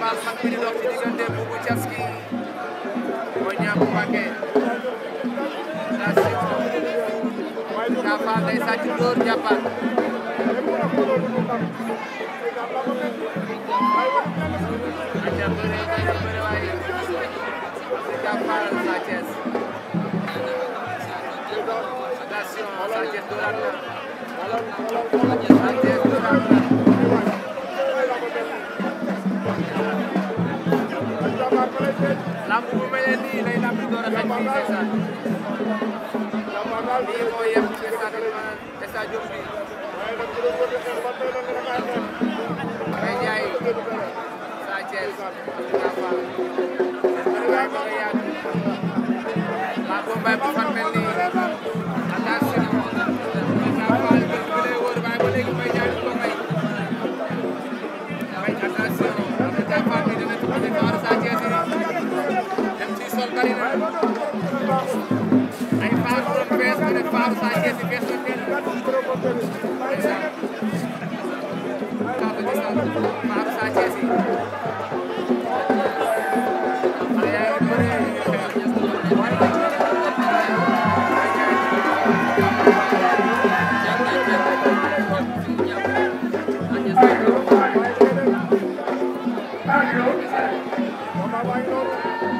combat xam ne di dox ci diggante Boubou Thiaski Boy Niang Mbacké attention Tapha day sàcc dóor jàppaat aca bëre aca bëre waaye si jàppaat Sa Thiès attention Sa Thiès dóoraat na Sa Thiès dóoraat na lamb bu mel ne nii lay lamb door a xaj fii ndeysaan lii moo yem ci stade Diop bi Mbaye Ndiaye Sa Thiès Abdoulaye Fall Mbaye Yacou maa ko mbay bu fan mel nii attention Mbaye Fall bi lay wóor waaye ba léegi Mbaye Ndiaye du ko may attention Mbaye Fall bi dina ci bari na ay faar bu doon fees nga ne faaru saa kees yi fees na kenn. faaru saa kees yi. Thank you.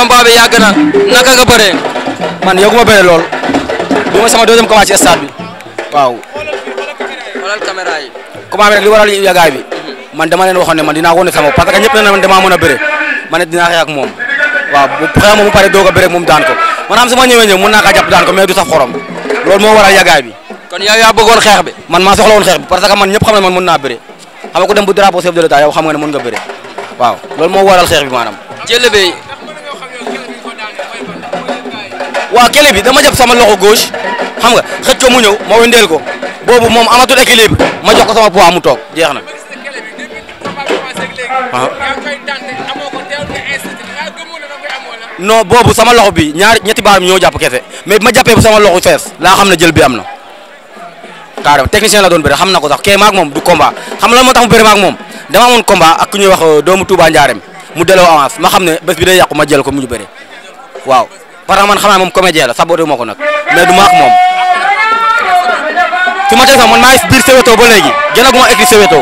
combat bi yàgg na naka nga bëree. man yàgguma bëre lool. bi mooy sama deuxième combat ci stade bi waaw. xoolal caméra yi. combat bi nag li waral yàggaay bi. Mhm. man dama leen waxoon ne man dinaa wane sama bopp parce que ñëpp nee na man damaa mën a bëre ma ne dinaa xeex ak moom waaw xeex moom mu pare doog a bëre moom daan ko maanaam su ma ñëwee ñëw mën naa kaa jàpp daan ko mais du saf xorom loolu moo waral yàggaay bi. kon yow yaa bëggoon xeex bi. man maa soxla woon xeex bi parce que man ñëpp xam ne man mën naa bëre xam xam nga ne mën nga bëre waaw loolu moo waral waaw kele bi dama jàpp sama loxo gauche xam nga xëj ko mu ñëw ma wëndeel ko boobu moom amatul équilibre ma jox ko sama poids mu toog jeex na. waaw. Ah. non boobu sama loxo bi ñaar ñetti baaraam ñoo jàpp kese mais bi ma jàppee bu sama loxo fees laa xam ne jël bi am na. carrément technicien la doon bëri xam na ko sax kee maak moom du combat xam la moo tax mu bëri maak moom dama amoon combat ak ku ñuy wax euh, doomu Touba Ndiarème mu delloo avance ma xam ne bés bi day yàqu ma jël ko mu ñu bëri par man xam naa moom comédien la saboté ma ko nag mais du ma ak moom su ma dee sax man maa ngi biir Soweto ba léegi gën a gu ma egg Soweto.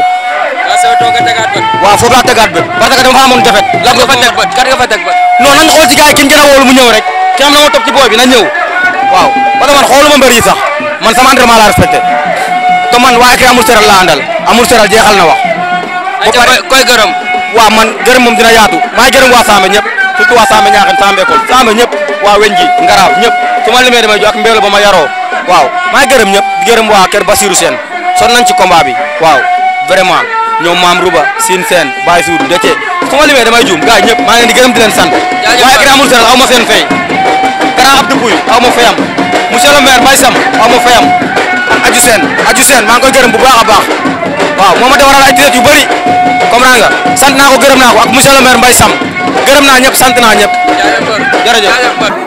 waaw foofu laa tegaat bët parce que dama fa amoon teg bët kan nga fa teg bët. non a mu ñëw rek ki am na ma topp ci bi na ñëw waaw parce que man xooluma mbër yi sax man sama entraînement laa respecté te man waaye kay amul seral laa àndal jeexal na wax. ba koy gërëm. waaw man gërëm moom dina yaatu maa ngi surtout waa Samba Niakhène Samba École Samba ñëpp waa Wenji Ngaraaw ñëpp su ma limee damay jox ak mbéelu ba ma yaroo waaw maa gërëm ñëpp di waa kër Basirou Sène son nañ ci combat bi waaw vraiment ñoom maam Rouba Sine Sène Baye Soudou Ndete su ma limee damay juum gars ñëpp maa ngi leen di gërëm di leen sant waaye grand amul seen aw ma seen fay grand Abdou Pouy aw ma fayam monsieur le maire Baye Sam aw ma aju seen aju seen maa ngi koy gërëm bu a baax waaw moo ma defaral ay tiret yu bëri comprendre nga sant naa ko gërëm naa ko ak monsieur le maire Mbaye Sam gërëm naa ñëpp sant naa ñëpp jërëjëf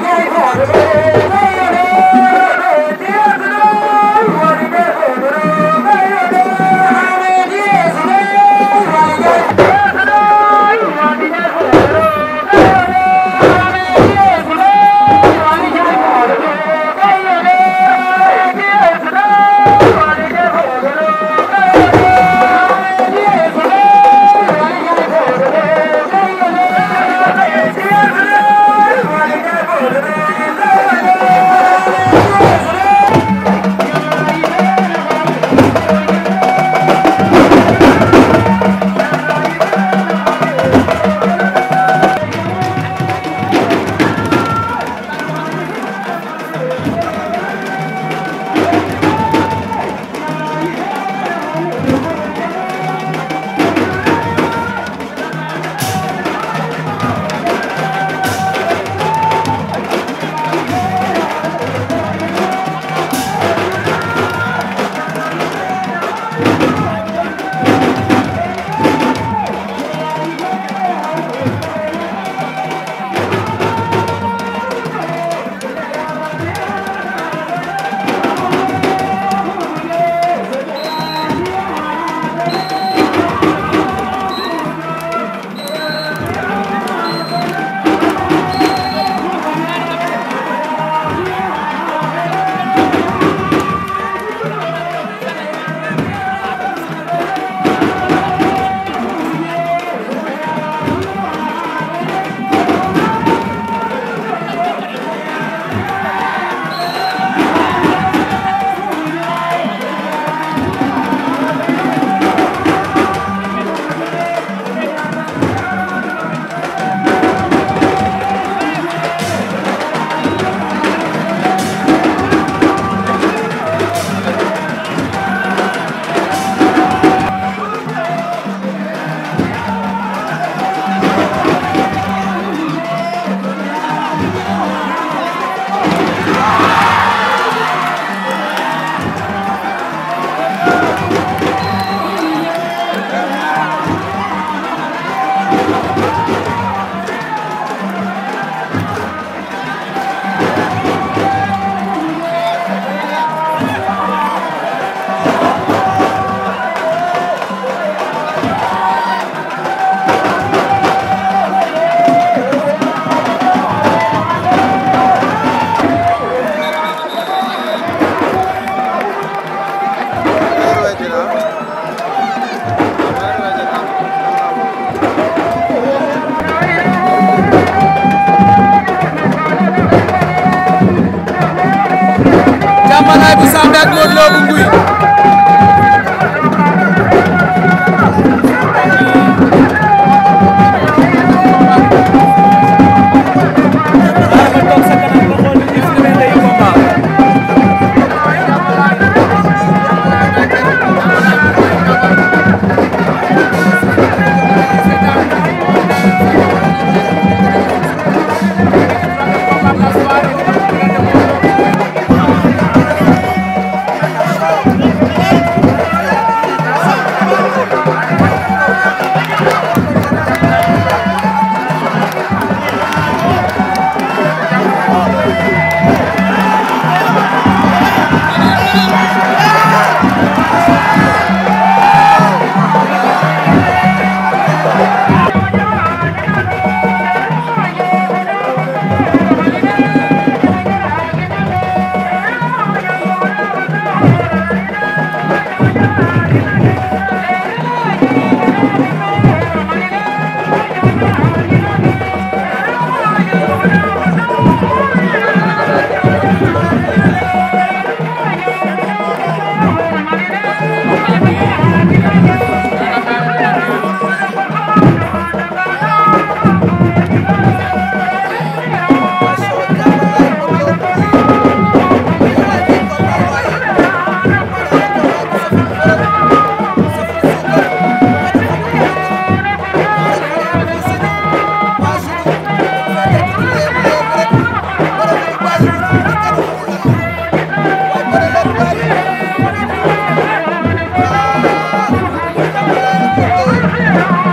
Yeah.